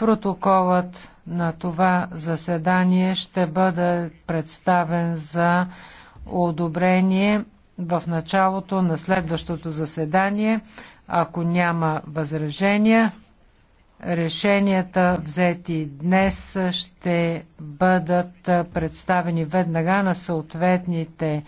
Протоколът на това заседание ще бъде представен за одобрение в началото на следващото заседание. Ако няма възражения, решенията взети днес ще бъдат представени веднага на съответните